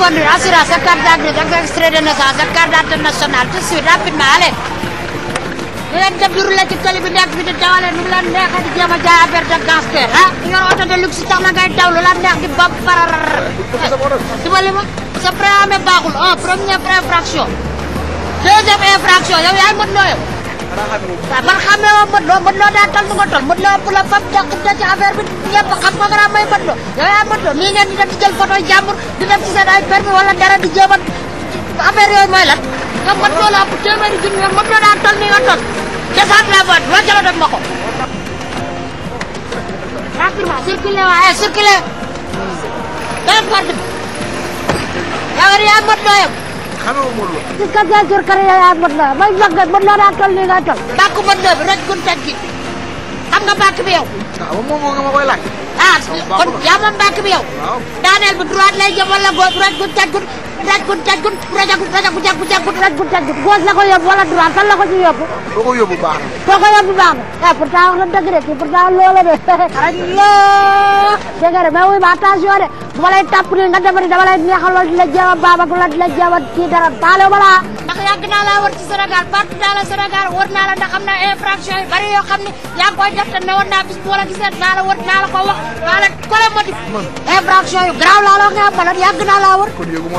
conduite assurance ak carte d'identité ak extrait de naissance ak carte d'identité nationale tout de suite rapidement allez. di leen def di rouler ci tali bi nekk fi di dawale nu mu leen neexee di jéem jaay affaire de gangster ah. yor oto de luxe tax na ngay daw lu neex di bam pararar. dimbali eh, sa préamé baaxul un oh, première infraction deuxième infraction yow yaay mën nooyoo. waaw man xamee woon Modou Lo Modou Lo daan tol mu nga tol Modou Lo bu la fam jàq da ci affaire bi ñëpp xam ko dara may Modou Lo yow yaa Modou Lo mii ngeen di dem ci jël photo jàmbur di dem ci seen ay permis wala dara di jéem a affaire yooyu mooy lan nga Modou Lo la ëpp téeméeri junni yoon Modou Lo daan tol ni nga tol desaan la boot loo jëloon def ma ko rapidement circulé waaye circulé dem parti bi yaa war yaa Modou Lo yem xamee wu Modou Lo. gis nga bien sûr kër yaa Modou Lo mooy mag nag Modou Lo daa toll nii ngaa toll. bàkku Modou Lo bi roj gun taj gi xam nga bàkk bi yow. waaw ah, moom moo nga ma koy laaj. ah, ah kon yaa moom bàkk bi yow. waaw daaneel bi droite lay jëm wala gauche roj gun taj gun roj gun taj gun roj gun daj bu daj góos la ko yóbbu wala droit fan la ko ci yóbbu. foo ko yóbbu baax na. foo ko yóbbu baax na ah pourtant wax na dëgg de fii pourtant loola de. aywa dégg nga de mais wuy ma attention nga def ni dama lay neexal lool di la jéem a baab ak di la jéem a kii dara taalew balaa. yàgg naa laa war ci Sénégal partout dans le Sénégal war naa la ndax xam naa infraction yu bari yoo xam ne yaa ngi koy def te ne war naa bis boo la gisee naa la war naa la ko wax naa la kole motif infraction yu garaaw laa la wax nga am man yàgg naa laa war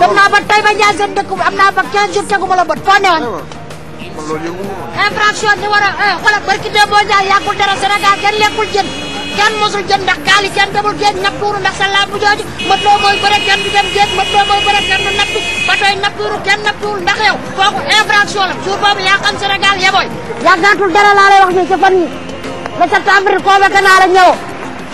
dem naa ba tey ba ñaan seen dëkk am naa ba 15 jours teguma la bët foo newoon infraction ni war a eh, xoolal barki démb boo ñaan yàggul dara Sénégal kenn lekkul jën kenn mosul jëm ndax gaali kenn demul géej nappuuru ndax sa laabu jooju mët loo mooy bëre du dem géej mët loo mooy bëre du nappi batooy nappuuru kenn nappiwul ndax yow kooku infraction la jour boobu yaa xam Sénégal yebooy yàggaatul dara laa lay wax ni ci fan yi ba septembre koo bekk naa la ñëw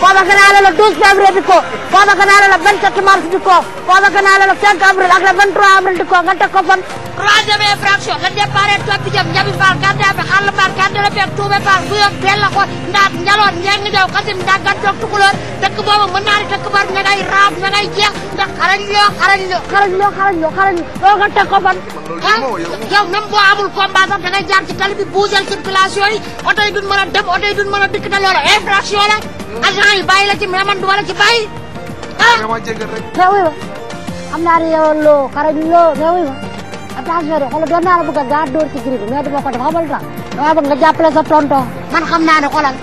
కోపకనాలలో డూస్ ఫేవరేట్కో కోపకనాలలో వెంకట్ మార్చుకో కోపకనాలలో సెంట్ అమృల్ అక్కడ వెంట్రో అమృల్కో గంట కోపం రాజమే ఫ్రాక్షో గంటే పారేట్ తప్పిజం జబి పాల్ గంటే హల్ పాల్ గంటే పే టూబే పాల్ గుయం బెల్లకో నా ఞలో ఞంగ్ దేవ్ కసిం దా గంట కులో దక్ బోబ మన్నారి దక్ బర్ నగై రాబ్ నగై జే ద ఖరల్లో ఖరల్లో ఖరల్లో ఖరల్లో ఖరల్లో ఓ గంట కోపం yow même boo amul combat sax dangay jaar ci tali bi bougel circulation yi oto yi duñ mën a dem oto yi duñ mën a dikk te loolu infraction la agent yi bàyyi la ci mais man duma la ci bàyyi. ah dama jégal rek. mais wuy ma xam naa ne yow loo xarañ loo mais wuy ma a de xoolal doon naa la bëgg a gaa ci giri bi mais duma ko def xamal tax dama bëgg nga jàppale sa tonton. man xam naa ne xoolal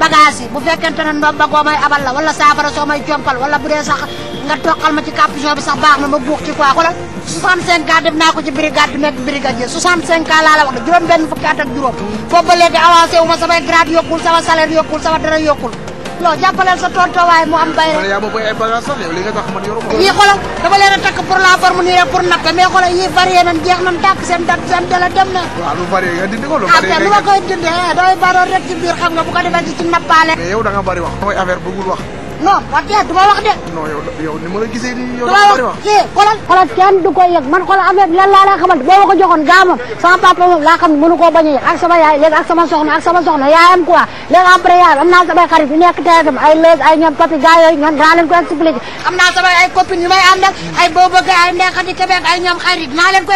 bagage yi bu fekkente ne ndoom ba goo may abal la wala saafara soo may jompal wala bu dee sax nga toqal ma ci capuchon bi sax baax na ma buux ci quoi xoolal 65 ans def naa ko ci brigade bi nekk brigadier 65 ans laa la wax de juróom benn fukki at ba léegi avancé wu ma samay grade yokkul sama salaire yokkul sama yokkul non jàppaleel sa tontowaay mu am bay rek. yaa ma ay bagages sax yow li nga tax leen a takk pour la forme nii rek pour nappe mais xoolal yii varié nan jeex nan dàq seen dala dem na. waaw lu varié nga dindi lu ah, ma koy dindi ah, dooy baroon rek ci biir xam nga bu ko defee ci nappaale. mais yow da nga bari wax. mooy affaire bëggul wax. non wax dëgg du ma wax de. non yow yow ni ma la gisee nii yow. dafa bëri wax du ma wax xoolal xoolal kenn du koy yëg man xoolal affaire bi lan laa la xamal boo ma ko joxoon gaa moom sama papa moom laa xam ne mënu koo a yëg ak sama yaay léegi ak sama soxna ak sama soxna yaayam quoi léegi après yaay am naa samay xarit yu nekk teetam ay léegi ay ñoom papi gaa yooyu ñoom gaa leen ko expliqué am naa samay ay copine yu may ànd ak ay boo bëgg ay ndeexati Québec ay ñoom xarit maa leen ko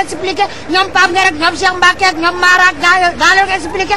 Mara ak gaa yooyu maa leen ko expliqué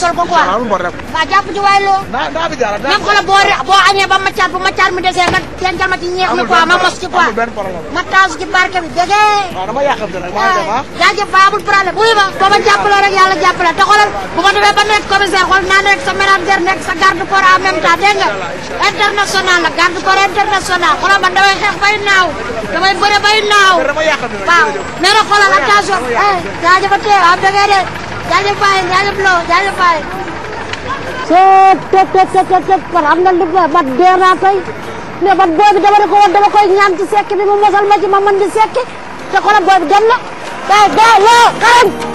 sol ko quoi waaw jàpp ci waay loo nam ko la boo añee ba macaat bu macaat mi desee nga teen ñeex mi quoi ma mos ci quoi ma taas ci barke bi dégg ah. jaajëf baabul problème buy ma boo ma jàppaloo rek yàlla jàppale te xoolal bu demee ba nekk commissaire xool naa nekk sa manager nekk garde corps en même temps dégg international garde corps international xoolal man damay xeex bay naaw damay bëre bay naaw waaw nee na xoolal attention jaajëf a tee waaw dégg jaajëf Baye jaajëf Lo jaajëf Baye. seet teet teet teet teet teet man am na lu ma dee naa tey booy bi dama ne ko woon dama koy ñaan ci sekk bi mu mosal ci ma mën di sekki te kon booy bi dem na. waaye dee loo xarañ.